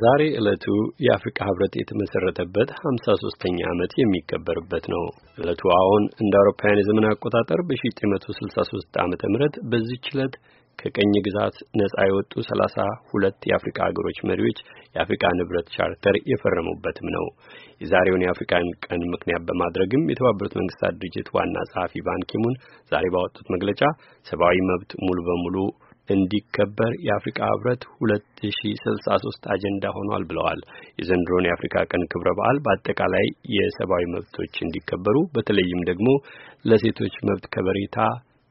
ዛሬ ዕለቱ የአፍሪካ ህብረት የተመሰረተበት 53ኛ ዓመት የሚከበርበት ነው። ዕለቱ አሁን እንደ አውሮፓውያን የዘመን አቆጣጠር በ1963 ዓ.ም በዚች ዕለት ከቀኝ ግዛት ነጻ የወጡ 32 የአፍሪካ ሀገሮች መሪዎች የአፍሪካ ንብረት ቻርተር የፈረሙበትም ነው። የዛሬውን የአፍሪካን ቀን ምክንያት በማድረግም የተባበሩት መንግስታት ድርጅት ዋና ጸሐፊ ባንኪሙን ዛሬ ባወጡት መግለጫ ሰብአዊ መብት ሙሉ በሙሉ እንዲከበር የአፍሪካ ህብረት 2063 አጀንዳ ሆኗል ብለዋል። የዘንድሮን የአፍሪካ ቀን ክብረ በዓል በአጠቃላይ የሰብአዊ መብቶች እንዲከበሩ በተለይም ደግሞ ለሴቶች መብት ከበሬታ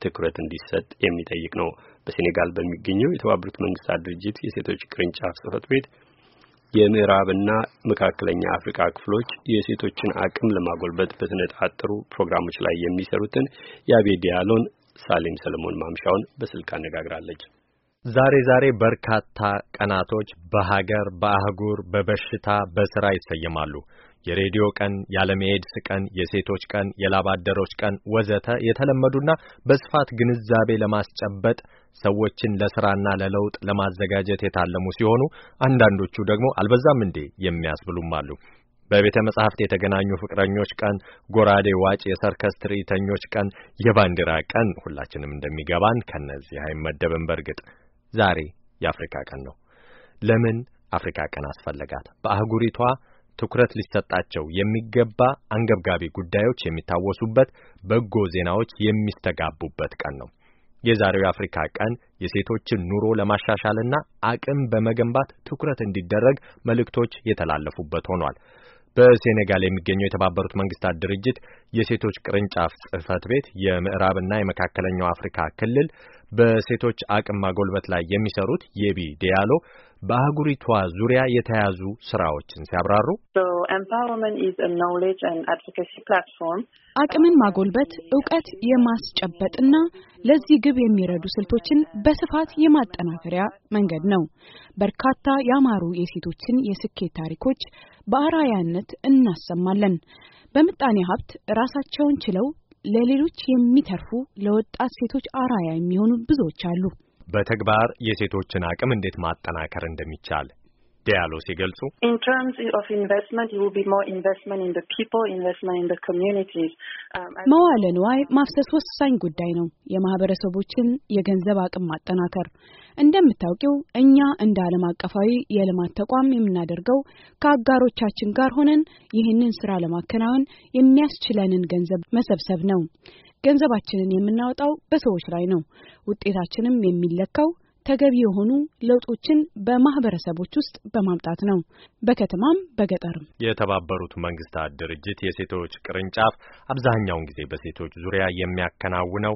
ትኩረት እንዲሰጥ የሚጠይቅ ነው። በሴኔጋል በሚገኘው የተባበሩት መንግስታት ድርጅት የሴቶች ቅርንጫፍ ጽህፈት ቤት የምዕራብና መካከለኛ አፍሪካ ክፍሎች የሴቶችን አቅም ለማጎልበት በተነጣጠሩ ፕሮግራሞች ላይ የሚሰሩትን የአቤዲያሎን ሳሌም ሰለሞን ማምሻውን በስልክ አነጋግራለች። ዛሬ ዛሬ በርካታ ቀናቶች በሀገር በአህጉር በበሽታ በስራ ይሰየማሉ። የሬዲዮ ቀን፣ የዓለም ኤድስ ቀን፣ የሴቶች ቀን፣ የላባደሮች ቀን ወዘተ የተለመዱና በስፋት ግንዛቤ ለማስጨበጥ ሰዎችን ለስራና ለለውጥ ለማዘጋጀት የታለሙ ሲሆኑ አንዳንዶቹ ደግሞ አልበዛም እንዴ የሚያስብሉም አሉ። በቤተ መጻሕፍት የተገናኙ ፍቅረኞች ቀን፣ ጎራዴ ዋጭ የሰርከስ ትርኢተኞች ቀን፣ የባንዲራ ቀን ሁላችንም እንደሚገባን ከነዚህ አይመደብም። በእርግጥ ዛሬ የአፍሪካ ቀን ነው። ለምን አፍሪካ ቀን አስፈለጋት? በአህጉሪቷ ትኩረት ሊሰጣቸው የሚገባ አንገብጋቢ ጉዳዮች የሚታወሱበት፣ በጎ ዜናዎች የሚስተጋቡበት ቀን ነው። የዛሬው የአፍሪካ ቀን የሴቶችን ኑሮ ለማሻሻልና አቅም በመገንባት ትኩረት እንዲደረግ መልእክቶች የተላለፉበት ሆኗል። በሴኔጋል የሚገኘው የተባበሩት መንግስታት ድርጅት የሴቶች ቅርንጫፍ ጽህፈት ቤት የምዕራብና የመካከለኛው አፍሪካ ክልል በሴቶች አቅም ማጎልበት ላይ የሚሰሩት የቢ ዲያሎ በአህጉሪቷ ዙሪያ የተያዙ ስራዎችን ሲያብራሩ አቅምን ማጎልበት እውቀት የማስጨበጥና ለዚህ ግብ የሚረዱ ስልቶችን በስፋት የማጠናከሪያ መንገድ ነው። በርካታ ያማሩ የሴቶችን የስኬት ታሪኮች በአራያነት እናሰማለን። በምጣኔ ሀብት ራሳቸውን ችለው ለሌሎች የሚተርፉ ለወጣት ሴቶች አራያ የሚሆኑ ብዙዎች አሉ። በተግባር የሴቶችን አቅም እንዴት ማጠናከር እንደሚቻል ዲያሎ ሲገልጹ um, መዋለ ንዋይ ማፍሰስ ወሳኝ ጉዳይ ነው። የማህበረሰቦችን የገንዘብ አቅም ማጠናከር። እንደምታውቂው እኛ እንደ ዓለም አቀፋዊ የልማት ተቋም የምናደርገው ከአጋሮቻችን ጋር ሆነን ይህንን ስራ ለማከናወን የሚያስችለንን ገንዘብ መሰብሰብ ነው። ገንዘባችንን የምናወጣው በሰዎች ላይ ነው። ውጤታችንም የሚለካው ተገቢ የሆኑ ለውጦችን በማህበረሰቦች ውስጥ በማምጣት ነው፣ በከተማም በገጠርም። የተባበሩት መንግስታት ድርጅት የሴቶች ቅርንጫፍ አብዛኛውን ጊዜ በሴቶች ዙሪያ የሚያከናውነው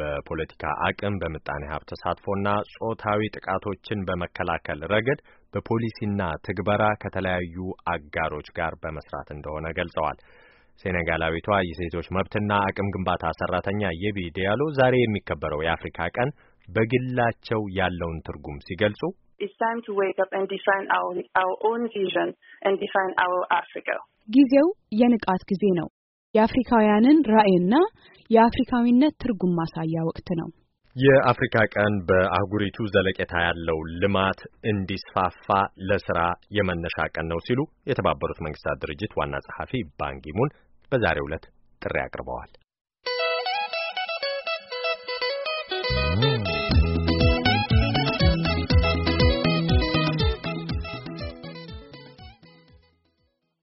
በፖለቲካ አቅም፣ በምጣኔ ሀብት ተሳትፎና ጾታዊ ጥቃቶችን በመከላከል ረገድ በፖሊሲና ትግበራ ከተለያዩ አጋሮች ጋር በመስራት እንደሆነ ገልጸዋል። ሴኔጋላዊቷ የሴቶች መብትና አቅም ግንባታ ሰራተኛ የቢ ዲያሎ ዛሬ የሚከበረው የአፍሪካ ቀን በግላቸው ያለውን ትርጉም ሲገልጹ ጊዜው የንቃት ጊዜ ነው። የአፍሪካውያንን ራዕይና የአፍሪካዊነት ትርጉም ማሳያ ወቅት ነው። የአፍሪካ ቀን በአህጉሪቱ ዘለቄታ ያለው ልማት እንዲስፋፋ ለስራ የመነሻ ቀን ነው ሲሉ የተባበሩት መንግስታት ድርጅት ዋና ጸሐፊ ባንኪሙን በዛሬው ዕለት ጥሪ አቅርበዋል።